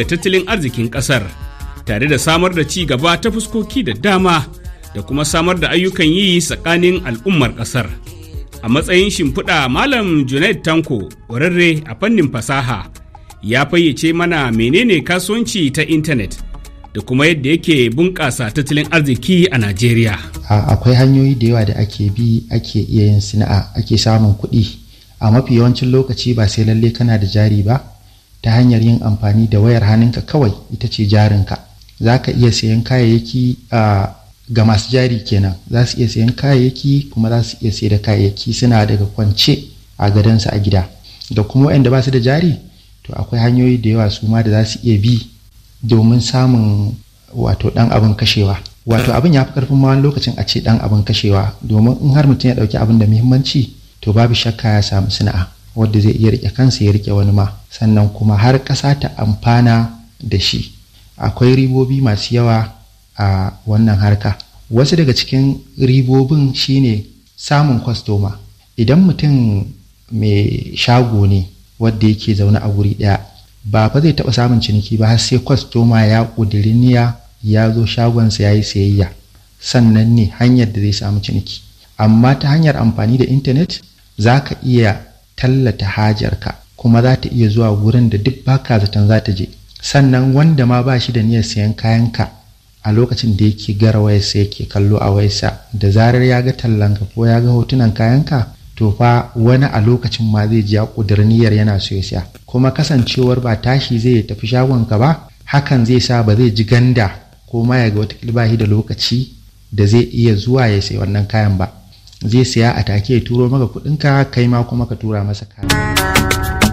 da tattalin arzikin ƙasar tare da samar da ci gaba ta fuskoki da dama da kuma samar da ayyukan yi tsakanin al'ummar ƙasar a matsayin shimfiɗa malam junaid tanko ƙwararre a fannin fasaha ya fayyace mana menene kasuwanci ta intanet da kuma yadda yake bunƙasa tattalin arziki a najeriya akwai hanyoyi da yawa da ake bi ake iya yin sana'a ake samun kuɗi a mafi yawancin lokaci ba sai lalle kana da jari ba ta hanyar yin amfani da wayar hannunka kawai ita ce jarinka za ka iya sayan kayayyaki ga masu jari kenan za su iya sayan kayayyaki kuma za su iya sayar da kayayyaki suna daga kwance a gadonsu a gida da kuma wayanda ba su da jari to akwai hanyoyi da yawa su ma da za su iya bi domin samun wato dan abin kashewa wato abin ya fi karfin ma wani lokacin a ce dan abin kashewa domin in har mutum ya ɗauki abin da muhimmanci to babu shakka ya samu sana'a wanda zai iya rike kansa ya rike wani ma sannan kuma har ƙasa ta amfana da shi akwai ribobi masu yawa a wannan harka wasu daga cikin ribobin shine samun kwastoma idan mutum mai shago ne wadda yake zaune a guri ɗaya ba fa zai taɓa samun ciniki ba har sai kwastoma ya ƙudiri niya ya zo shagonsa ya yi sayayya sannan ne hanyar da zai samu ciniki amma ta hanyar amfani da intanet za ka iya tallata hajarka kuma za ta iya zuwa wurin da duk baka zaton za ta je sannan wanda ma ba shi da niyyar sayan kayanka a lokacin da yake gara wayarsa yake kallo a wayarsa da zarar ya ga tallanka ko ya ga hotunan kayanka to fa wani a lokacin ma zai ji ya niyyar yana so ya siya kuma kasancewar ba tashi zai tafi shagonka ba hakan zai sa ba zai ji ganda ko ma ya ga wata da lokaci da zai iya zuwa ya sayi wannan kayan ba zai siya a take ya turo maka kuɗinka kai ma kuma ka tura masa kaya.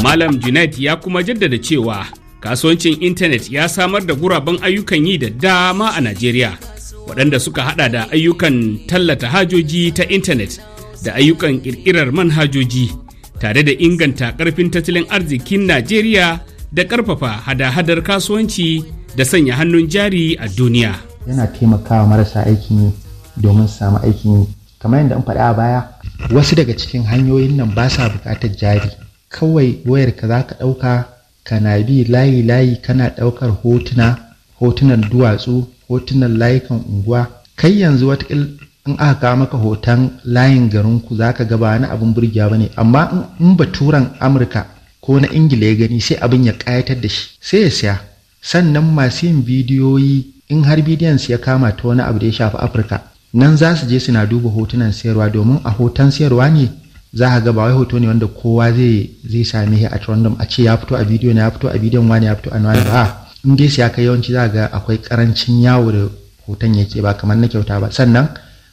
Malam Junaid ya kuma jaddada cewa kasuwancin intanet ya samar da guraben ayyukan yi da dama a Najeriya waɗanda suka hada da ayyukan tallata hajoji ta intanet da ayyukan ƙirƙirar manhajoji tare da inganta ƙarfin tattalin arzikin Najeriya da ƙarfafa hada-hadar kasuwanci da sanya hannun jari a duniya. Yana taimakawa marasa aikin yi domin samu aikin yi kamar yadda an faɗa a baya wasu daga cikin hanyoyin nan ba sa buƙatar jari kawai wayar ka za ka ɗauka kana bi layi layi kana ɗaukar hotuna hotunan duwatsu hotunan layukan unguwa kai yanzu wata in aka kawo maka hoton layin garin ku za ka ga ba wani abin burgewa ba ne amma in ba turan amurka ko na ingila ya gani sai abin ya ƙayatar da shi sai ya siya sannan masu yin bidiyoyi in har bidiyon ya kama ta wani abu da ya shafi afirka nan za su je suna duba hotunan sayarwa domin a hoton sayarwa ne za a ga ba wai hoto ne wanda kowa zai sami same shi a random a ce ya fito a bidiyo ne ya fito a bidiyon wani ya fito a wani ba in dai ya kai yawanci za ga akwai karancin yawo da hoton yake ba kamar na kyauta ba sannan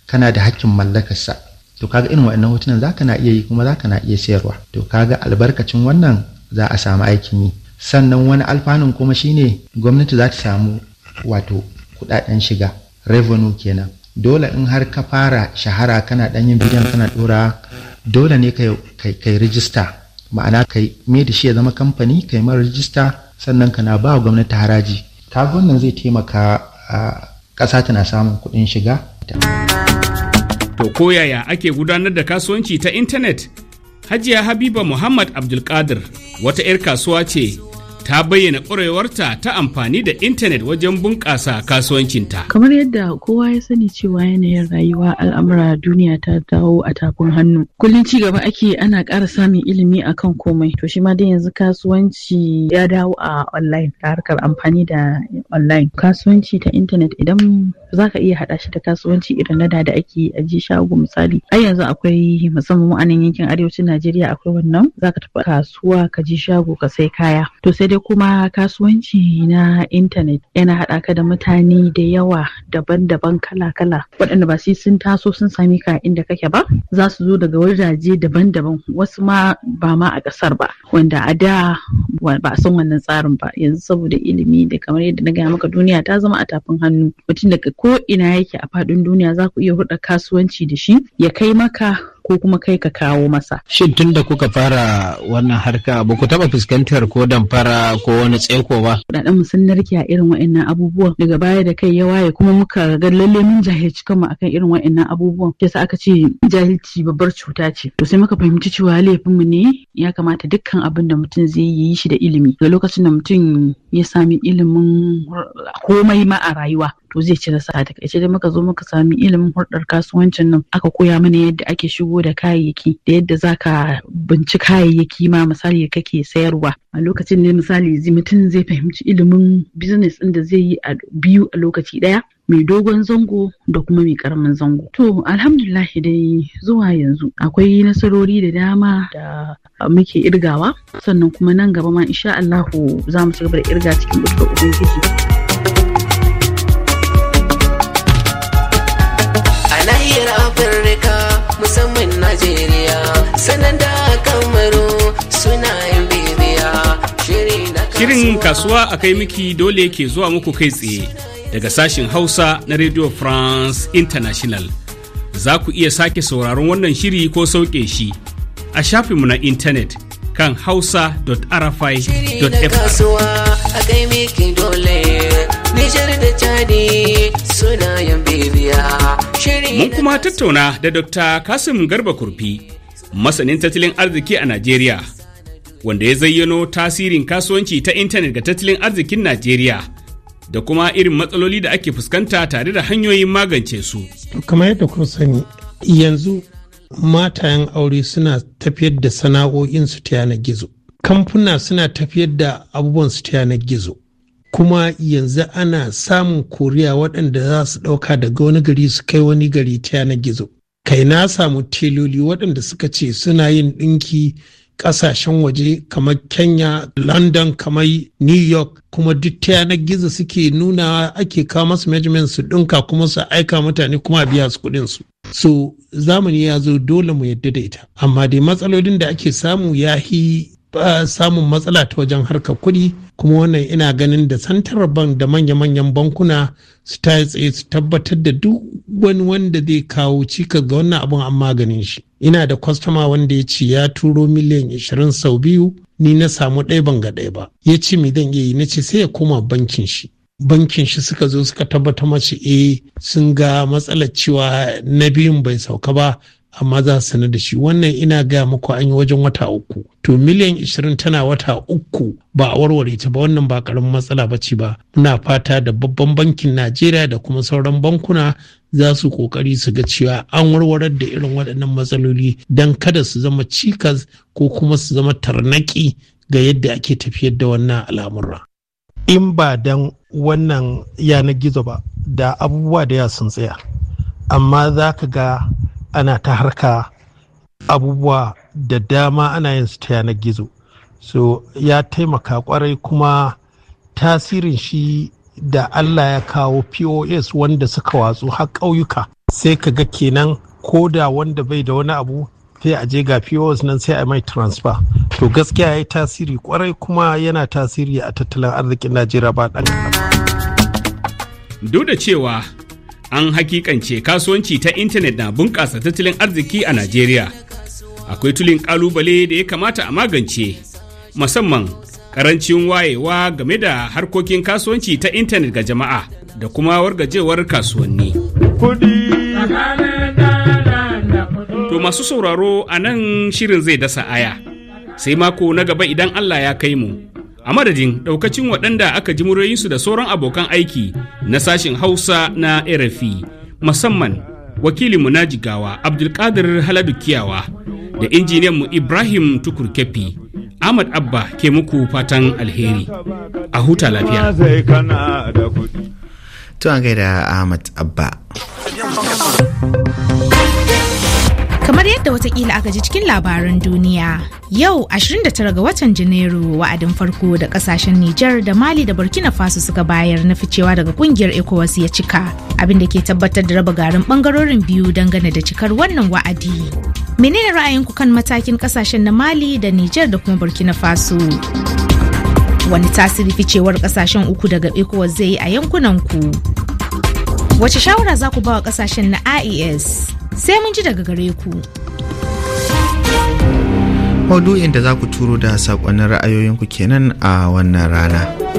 kana da hakkin mallakarsa to kaga irin waɗannan hotunan za ka na iya yi kuma za ka na iya sayarwa to kaga albarkacin wannan za a samu aikin yi sannan wani alfanun kuma shine gwamnati za ta samu wato kuɗaɗen shiga revenue kenan dole in har ka fara shahara kana dan yin bidiyon kana dora dole ne kai rijista ma'ana kai me da shi ya zama kamfani kai mara rijista sannan ka na ba wa gwamnati haraji ka wannan zai taimaka a ƙasa tana samun kuɗin shiga to ko yaya ake gudanar da kasuwanci ta intanet hajiya habiba muhammad abdulkadir wata 'yar kasuwa ce ta bayyana ƙwarewarta ta amfani da intanet wajen bunƙasa kasuwancinta. Kamar yadda kowa ya sani cewa yanayin rayuwa al'amura duniya ta dawo a tafin hannu. Kullum ci gaba ake ana ƙara samun ilimi akan komai. To shi ma dai yanzu kasuwanci ya dawo a online ta harkar amfani da online. Kasuwanci ta intanet idan za ka iya haɗa shi da kasuwanci irin na da da ake aji shago misali. Ai yanzu akwai musamman anan yankin arewacin Najeriya akwai wannan za ka tafi kasuwa ka ji shago ka sai kaya. To sai dai kuma kasuwanci na intanet yana haɗa ka da mutane da yawa daban-daban kala-kala waɗanda ba sai sun taso sun sami ka inda kake ba za su zo daga wajaje daban-daban wasu ma ba ma a ƙasar ba wanda a da ba san wannan tsarin ba yanzu saboda ilimi da kamar yadda na gaya maka duniya ta zama a tafin hannu mutum daga ko ina yake a faɗin duniya za ku iya hurɗa kasuwanci da shi ya kai maka ko kuma kai ka kawo masa. Shin tun da kuka fara wannan harka ba ku taɓa fuskantar ko damfara ko wani tseko ba? Kuɗaɗen mu sun narke a irin wa'annan abubuwan daga baya da kai ya waye kuma muka ga lalle mun jahilci kanmu akan irin wa'annan abubuwan. Yasa aka ce jahilci babbar cuta ce. To sai muka fahimci cewa laifin mu ne ya kamata dukkan abin da mutum zai yi shi da ilimi. Ga lokacin da mutum ya sami ilimin komai ma a rayuwa to zai ci nasara daga ita da muka zo muka sami ilimin hulɗar kasuwancin nan aka koya mana yadda ake shigo da kayayyaki da yadda zaka binci kayayyaki ma misali kake sayarwa a lokacin ne misali mutum zai fahimci ilimin business ɗin da zai yi a biyu a lokaci ɗaya mai dogon zango da kuma mai karamin zango. To alhamdulahi dai zuwa yanzu akwai nasarori da dama da muke irgawa sannan kuma nan gaba ma insha Allahu za mu ci da irga cikin bukkar ubangiji. najeriya sananda kamaru suna yin bibiya shirin kasuwa a kai miki dole ke zuwa muku kai tsaye daga sashin hausa na radio france international za ku iya sake sauraron wannan shiri ko sauke shi a shafinmu na intanet kan hausa.rfi.fr. da Chadi suna Mun kuma tattauna da Dr. Kasim Garba Kurfi, masanin tattalin arziki a Najeriya, wanda ya zayyano tasirin kasuwanci ta intanet ga tattalin arzikin Najeriya da kuma irin matsaloli da ake fuskanta tare da hanyoyin magance su. Kamar yadda kun sani, yanzu matayen aure suna tafiyar da sana'o'insu ta yanar gizo. Kamfuna suna tafiyar da abubuwan su ta yanar gizo. kuma yanzu ana samun koriya waɗanda za su ɗauka daga wani gari su kai wani gari ta yanar gizo kai na samu teloli waɗanda suka ce suna yin ɗinki ƙasashen waje kamar kenya london kamar new york kuma duk ta yanar gizo suke nuna ake kawo masu management su ɗinka kuma su aika mutane kuma a biya su kuɗin su so zamani ya zo dole mu yadda da ita amma dai matsalolin da ake samu ya yi. samun matsala ta wajen harkar kuɗi kuma wannan ina ganin da santar bank da manya-manyan bankuna su ta tsaye su tabbatar da duk wani wanda zai kawo cikas ga wannan abin an maganin shi ina da kwastama wanda ya ce ya turo miliyan 20 sau biyu ni na samu ɗaya ban ga ɗaya ba ya ce me zan iya yi na ce sai ya koma bankin shi bankin shi suka zo suka tabbatar mace e eh, sun ga matsalar cewa na biyun bai sauka ba amma za su sanar da shi wannan ina gaya muku an yi wajen wata uku to miliyan 20 tana wata uku ba a warware ta ba wannan ba karamin matsala ba ce ba muna fata da babban bankin najeriya da kuma sauran bankuna za su kokari su ga cewa an warwarar da irin waɗannan matsaloli don kada su zama cikas ko kuma su zama tarnaki ga yadda ake tafiyar da wannan al'amura in ba dan wannan yanar gizo ba da abubuwa da ya sun tsaya amma za ka ga ana ta harka abubuwa da dama ana yin su ta yanar gizo so ya taimaka kwarai kuma tasirin shi da allah ya kawo pos wanda suka watsu har ƙauyuka sai ka ga kenan ko da wanda bai da wani abu sai a je ga pos nan sai a mai transfer to gaskiya ya yi tasiri kwarai kuma yana tasiri a tattalin arzikin najeriya ba ɗan duk da cewa an hakikance kasuwanci ta intanet na bunƙasa tattalin arziki a najeriya akwai tulin ƙalubale da ya kamata a magance musamman ƙarancin wayewa game da harkokin kasuwanci ta intanet ga jama'a da kuma wargajewar kasuwanni to masu sauraro a nan shirin zai dasa aya sai mako na gaba idan allah ya kai mu a madadin ɗaukacin waɗanda aka ji muryoyinsu da sauran abokan aiki na sashin hausa na rfi musamman wakilinmu na jigawa abdulkadir haladu kiyawa da mu ibrahim tukur ahmad abba ke muku fatan alheri a huta lafiya tuwa gaida ahmad abba Kamar yadda watakila aka ji cikin labaran duniya, yau 29 ga watan Janairu wa'adin farko da kasashen Nijar da Mali da Burkina Faso suka bayar na ficewa daga kungiyar ECOWAS ya cika, abin da ke tabbatar da raba garin bangarorin biyu dangane da cikar wannan wa'adi. Menene ra'ayinku kan matakin kasashen na Mali da Nijar da kuma Burkina Faso? Wani tasiri ficewar kasashen uku daga ECOWAS zai yi a yankunan ku? Wace shawara za ku ba wa kasashen na IES? sai mun ji daga gare ku. Maudu'in da za ku turo da saƙonnin ra'ayoyinku kenan a wannan rana.